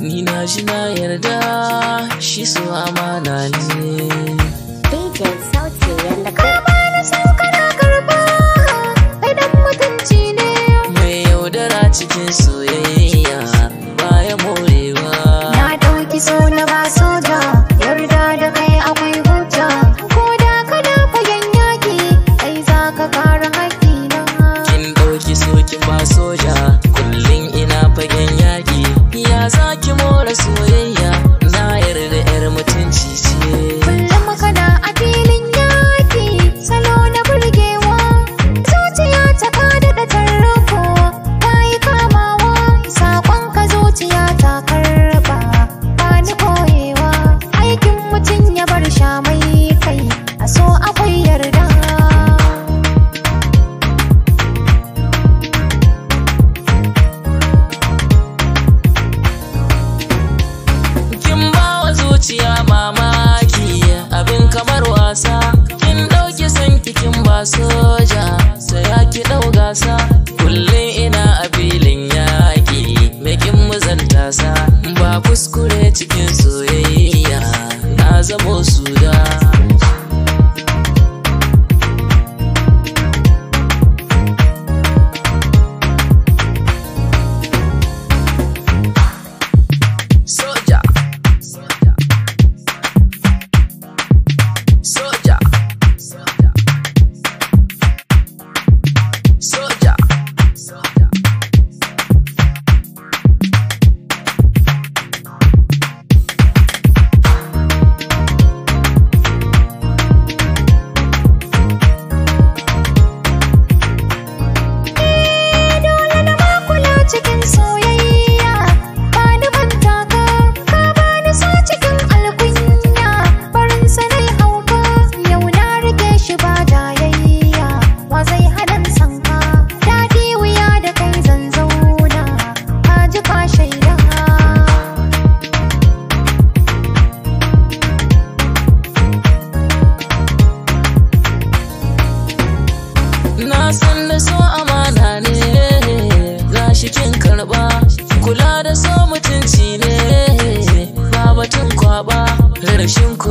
Ni na ji na yarda shi su amana ne. Dajin sauti yadda ka ba sauka saukar karba, idan mutunci ne. Mai yaudara cikin soyayya baya morewa. Na ɗauki so na ba soja, yarda da kai akwai hujja. Ko da kana fagen yaki, ai za ka kara na. Kin ɗauki so kin ba soja.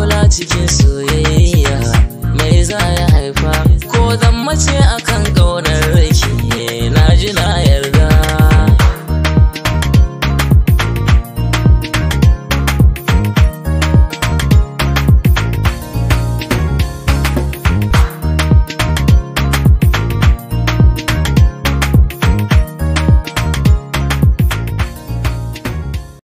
kula cikin soyayya mai za ya haifa ko zan mace akan ƙauna